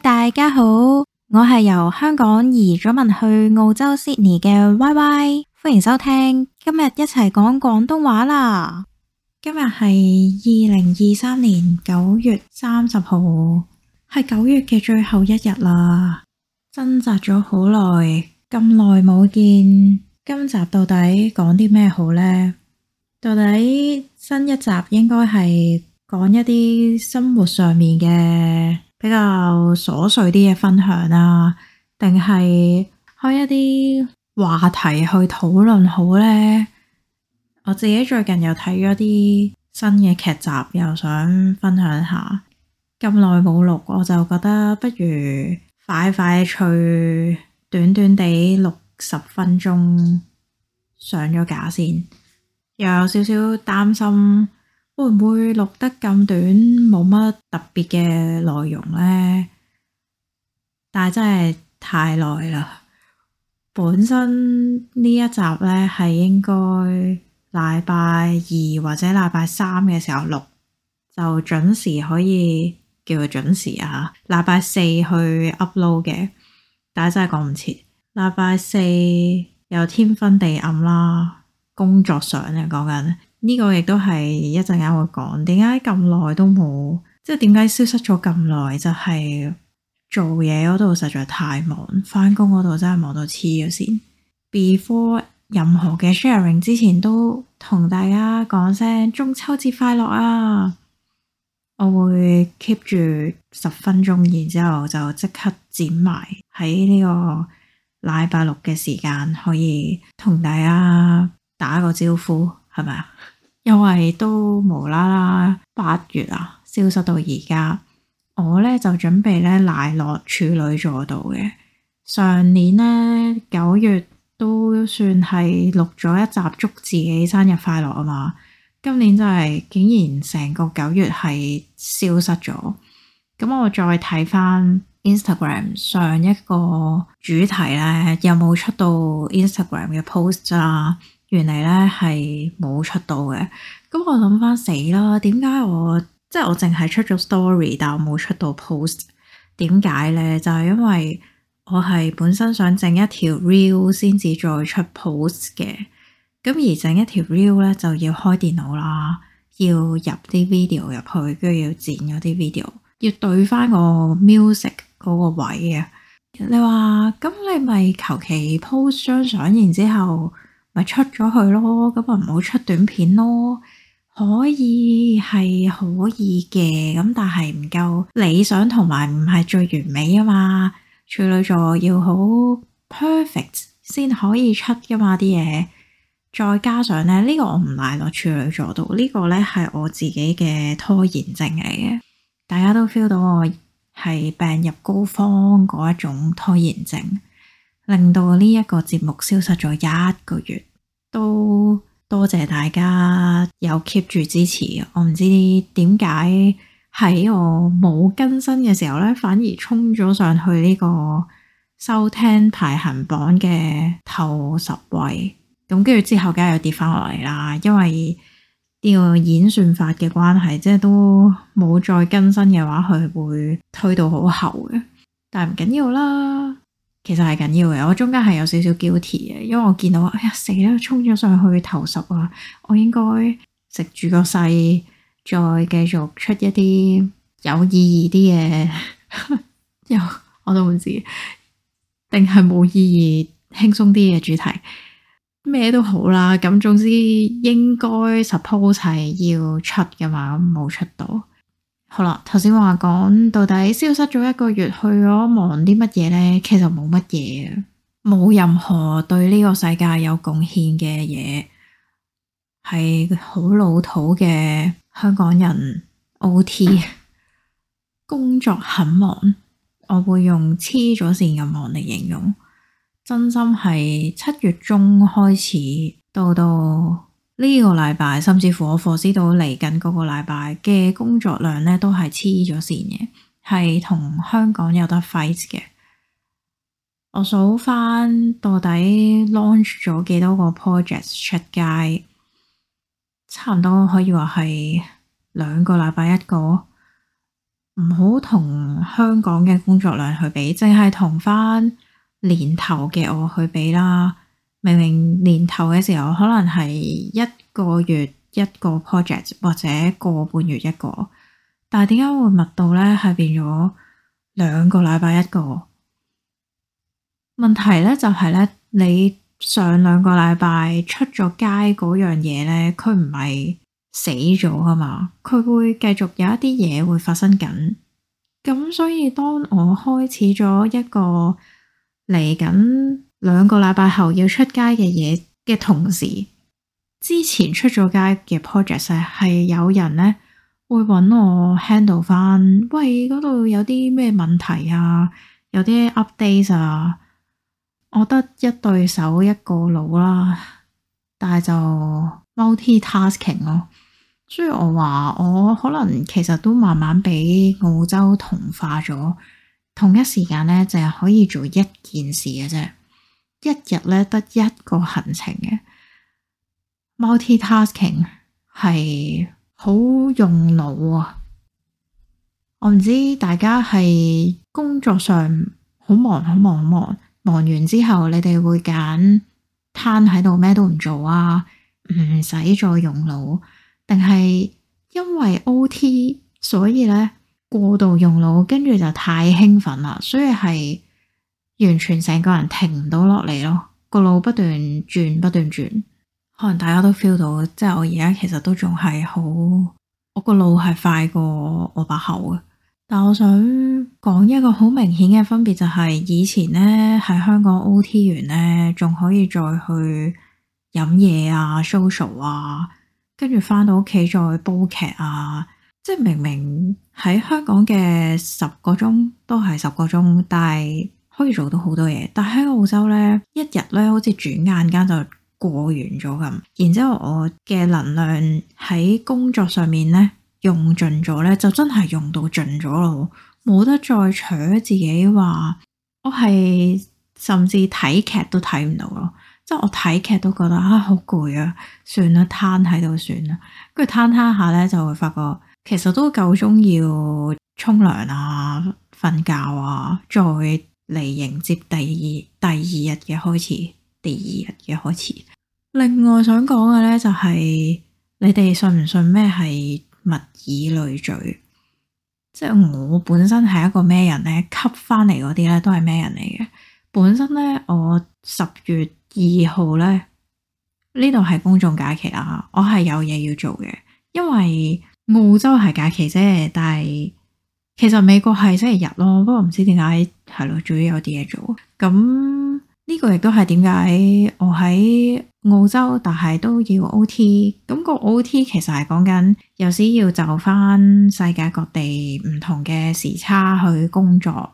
大家好，我係由香港移咗民去澳洲悉尼嘅 Y Y，歡迎收聽今日一齊講廣東話啦。今日係二零二三年九月三十號，係九月嘅最後一日啦。掙扎咗好耐，咁耐冇見，今集到底講啲咩好呢？到底新一集應該係講一啲生活上面嘅？比較瑣碎啲嘅分享啦，定係開一啲話題去討論好呢？我自己最近又睇咗啲新嘅劇集，又想分享下。咁耐冇錄，我就覺得不如快快脆短短地六十分鐘上咗架先，又有少少擔心。會唔會錄得咁短，冇乜特別嘅內容呢？但係真係太耐啦。本身呢一集咧係應該禮拜二或者禮拜三嘅時候錄，就準時可以叫做準時啊。禮拜四去 upload 嘅，但係真係趕唔切。禮拜四又天昏地暗啦，工作上啊講緊。呢個亦都係一陣間會講，點解咁耐都冇，即係點解消失咗咁耐？就係做嘢嗰度實在太忙，翻工嗰度真係忙到黐咗線。Before 任何嘅 sharing 之前，都同大家講聲中秋節快樂啊！我會 keep 住十分鐘，然之後就即刻剪埋喺呢個禮拜六嘅時間，可以同大家打個招呼，係咪啊？因為都無啦啦八月啊，消失到而家，我咧就準備咧賴落處女座度嘅。上年咧九月都算係錄咗一集祝自己生日快樂啊嘛，今年真係竟然成個九月係消失咗。咁我再睇翻 Instagram 上一個主題咧，有冇出到 Instagram 嘅 post 啦？原嚟咧係冇出到嘅，咁我諗翻死啦，點解我即係我淨係出咗 story，但係我冇出到 post？點解咧？就係、是、因為我係本身想整一條 reel 先至再出 post 嘅，咁而整一條 reel 咧就要開電腦啦，要入啲 video 入去，跟住要剪咗啲 video，要對翻個 music 嗰個位啊！你話咁你咪求其 post 張相，然之後。咪出咗去咯，咁啊唔好出短片咯，可以係可以嘅，咁但係唔夠理想同埋唔係最完美啊嘛。處女座要好 perfect 先可以出噶嘛啲嘢，再加上咧呢、這個我唔賴落處女座度，這個、呢個咧係我自己嘅拖延症嚟嘅，大家都 feel 到我係病入膏肓嗰一種拖延症。令到呢一個節目消失咗一個月，都多謝大家有 keep 住支持。我唔知點解喺我冇更新嘅時候呢，反而衝咗上去呢個收聽排行榜嘅頭十位。咁跟住之後，梗係又跌翻落嚟啦。因為呢個演算法嘅關係，即係都冇再更新嘅話，佢會推到好後嘅。但係唔緊要啦。其實係緊要嘅，我中間係有少少 guilty 嘅，因為我見到，哎呀死啦，衝咗上去投訴啊，我應該食住個勢，再繼續出一啲有意義啲嘅。 又我都唔知，定係冇意義輕鬆啲嘅主題，咩都好啦，咁總之應該 suppose 係要出嘅嘛，冇出到。好啦，頭先話講到底消失咗一個月去咗忙啲乜嘢呢？其實冇乜嘢，冇任何對呢個世界有貢獻嘅嘢，係好老土嘅香港人 OT 工作很忙，我會用黐咗線咁忙嚟形容，真心係七月中開始到到。呢個禮拜，甚至乎我霍斯到嚟緊嗰個禮拜嘅工作量咧，都係黐咗線嘅，係同香港有得 fight 嘅。我數翻到底 launch 咗幾多個 project 出街，差唔多可以話係兩個禮拜一個，唔好同香港嘅工作量去比，淨係同翻年頭嘅我去比啦。明明年頭嘅時候可能係一個月一個 project 或者個半月一個，但係點解會密到呢？係變咗兩個禮拜一個？問題呢，就係呢：你上兩個禮拜出咗街嗰樣嘢呢，佢唔係死咗㗎嘛？佢會繼續有一啲嘢會發生緊。咁所以當我開始咗一個嚟緊。兩個禮拜後要出街嘅嘢嘅同時，之前出咗街嘅 project 咧，係有人咧會揾我 handle 翻。喂，嗰度有啲咩問題啊？有啲 updates 啊？我得一對手一個腦啦，但係就 multi-tasking 咯、啊。所以我話我可能其實都慢慢畀澳洲同化咗，同一時間呢，淨係可以做一件事嘅啫。一日咧得一個行程嘅，multi-tasking 係好用腦啊！我唔知大家係工作上好忙、好忙、好忙，忙完之後你哋會揀癱喺度咩都唔做啊？唔使再用腦，定係因為 OT 所以咧過度用腦，跟住就太興奮啦，所以係。完全成個人停唔到落嚟咯，個腦不斷轉不斷轉，可能大家都 feel 到，即係我而家其實都仲係好，我個腦係快過我把口嘅。但我想講一個好明顯嘅分別就係、是，以前呢，喺香港 OT 完呢，仲可以再去飲嘢啊、social 啊，跟住翻到屋企再煲劇啊，即係明明喺香港嘅十個鐘都係十個鐘，但係。可以做到好多嘢，但喺澳洲咧，一日咧好似轉眼間就過完咗咁。然之後我嘅能量喺工作上面咧用盡咗咧，就真係用到盡咗咯，冇得再扯自己話我係，甚至睇劇都睇唔到咯。即係我睇劇都覺得啊好攰啊，算啦，攤喺度算啦。跟住攤攤下咧，就會發覺其實都夠鐘要沖涼啊、瞓覺啊，再。嚟迎接第二第二日嘅開始，第二日嘅開始。另外想講嘅呢就係你哋信唔信咩係物以類聚？即係我本身係一個咩人呢？吸翻嚟嗰啲呢都係咩人嚟嘅？本身呢，我十月二號呢，呢度係公眾假期啦，我係有嘢要做嘅，因為澳洲係假期啫，但係。其實美國係星期日咯，不過唔知點解係咯，仲要有啲嘢做。咁呢個亦都係點解我喺澳洲，但係都要 O T。咁個 O T 其實係講緊有時要就翻世界各地唔同嘅時差去工作，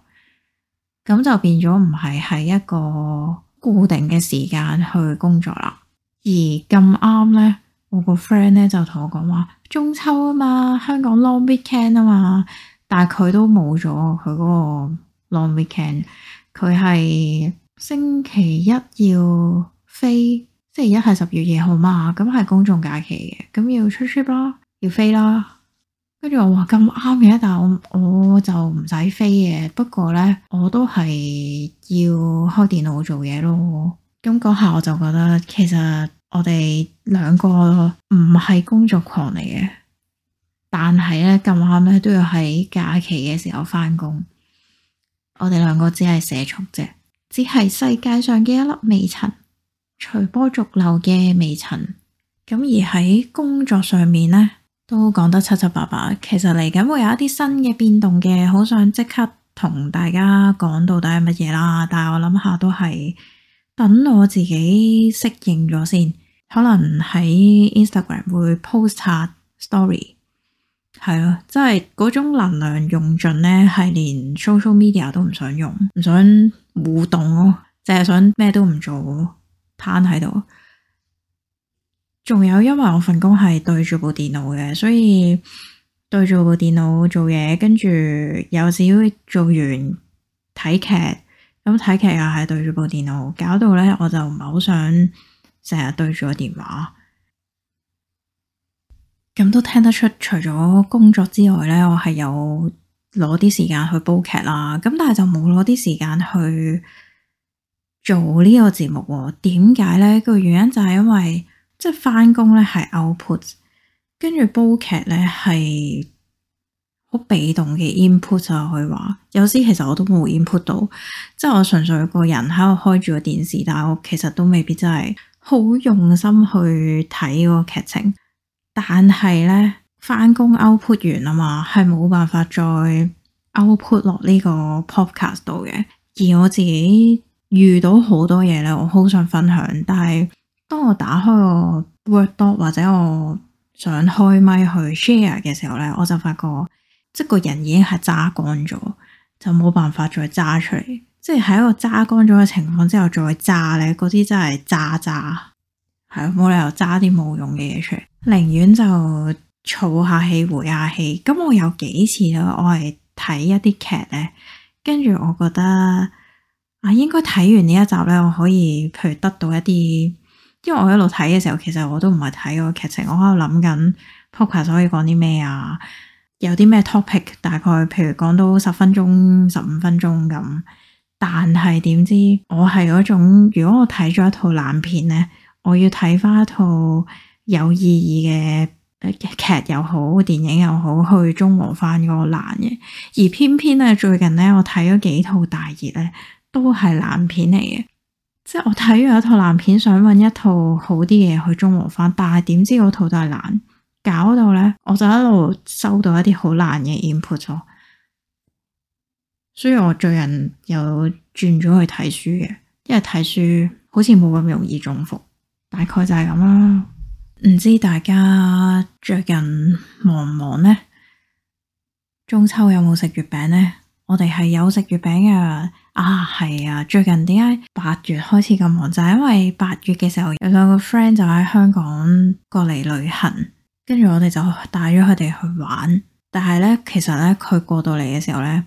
咁就變咗唔係喺一個固定嘅時間去工作啦。而咁啱呢，我個 friend 呢就同我講話中秋啊嘛，香港 long weekend 啊嘛。但係佢都冇咗佢嗰個 long weekend，佢係星期一要飛，星期一係十月二號嘛，咁係公眾假期嘅，咁要出 trip 啦，要飛啦。跟住我話咁啱嘅，但係我我就唔使飛嘅。不過咧，我都係要開電腦做嘢咯。咁嗰下我就覺得，其實我哋兩個唔係工作狂嚟嘅。但係咧，咁啱咧都要喺假期嘅時候翻工。我哋兩個只係社畜啫，只係世界上嘅一粒微塵，隨波逐流嘅微塵。咁而喺工作上面呢，都講得七七八八。其實嚟緊會有一啲新嘅變動嘅，好想即刻同大家講到底係乜嘢啦。但係我諗下都係等我自己適應咗先，可能喺 Instagram 會 post 下 story。係咯，即係嗰種能量用盡咧，係連 social media 都唔想用，唔想互動咯，淨係想咩都唔做，攤喺度。仲有因為我份工係對住部電腦嘅，所以對住部電腦做嘢，跟住有時做完睇劇，咁睇劇又係對住部電腦，搞到咧我就唔係好想成日對住個電話。咁都聽得出，除咗工作之外咧，我係有攞啲時間去煲劇啦。咁但係就冇攞啲時間去做呢個節目喎、哦。點解咧？個原因就係因為即係翻工咧係 output，跟住煲劇咧係好被動嘅 input 啊。可以話，有時其實我都冇 input 到，即係我純粹個人喺度開住個電視，但係我其實都未必真係好用心去睇嗰個劇情。但係咧，翻工 output 完啊嘛，係冇辦法再 output 落呢個 podcast 度嘅。而我自己遇到好多嘢咧，我好想分享，但係當我打開個 Word doc 或者我想開咪去 share 嘅時候咧，我就發覺即係個人已經係揸乾咗，就冇辦法再揸出嚟。即係喺一個揸乾咗嘅情況之後再揸咧，嗰啲真係渣渣。係冇理由揸啲冇用嘅嘢出嚟，寧願就儲下氣，回下氣。咁我有幾次咧，我係睇一啲劇咧，跟住我覺得啊，應該睇完呢一集咧，我可以，譬如得到一啲，因為我一路睇嘅時候，其實我都唔係睇個劇情，我喺度諗緊 Poker 可以講啲咩啊，有啲咩 topic，大概譬如講到十分鐘、十五分鐘咁。但係點知我係嗰種，如果我睇咗一套爛片咧。我要睇翻一套有意義嘅劇又好，電影又好，去中和翻嗰個爛嘅。而偏偏咧，最近咧，我睇咗幾套大熱咧，都係爛片嚟嘅。即係我睇完一套爛片，想搵一套好啲嘅去中和翻，但係點知嗰套都係爛，搞到咧我就一路收到一啲好爛嘅 input 咗。所以，我最近又轉咗去睇書嘅，因為睇書好似冇咁容易中伏。大概就係咁啦，唔知大家最近忙唔忙呢？中秋有冇食月餅呢？我哋係有食月餅嘅。啊，係啊！最近點解八月開始咁忙？就係因為八月嘅時候有兩個 friend 就喺香港過嚟旅行，跟住我哋就帶咗佢哋去玩。但係呢，其實呢，佢過到嚟嘅時候呢，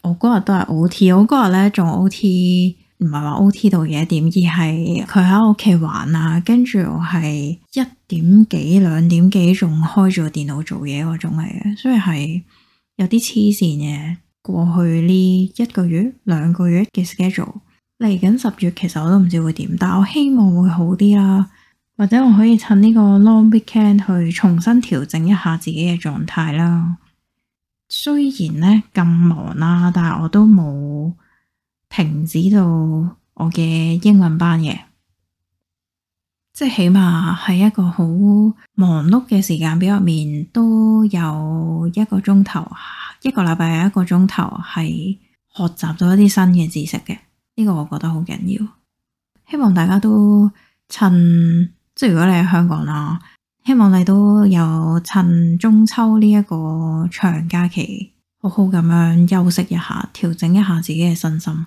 我嗰日都係 O T，我嗰日呢仲 O T。唔係話 OT 到幾點，而係佢喺屋企玩啊，跟住係一點幾、兩點幾仲開住個電腦做嘢嗰種嚟嘅，所以係有啲黐線嘅。過去呢一個月、兩個月嘅 schedule，嚟緊十月其實我都唔知會點，但我希望會好啲啦，或者我可以趁呢個 long weekend 去重新調整一下自己嘅狀態啦。雖然呢咁忙啦、啊，但係我都冇。停止到我嘅英文班嘅，即係起碼係一個好忙碌嘅時間表入面，都有一個鐘頭，一個禮拜有一個鐘頭係學習到一啲新嘅知識嘅。呢個我覺得好緊要，希望大家都趁即係如果你喺香港啦，希望你都有趁中秋呢一個長假期，好好咁樣休息一下，調整一下自己嘅身心。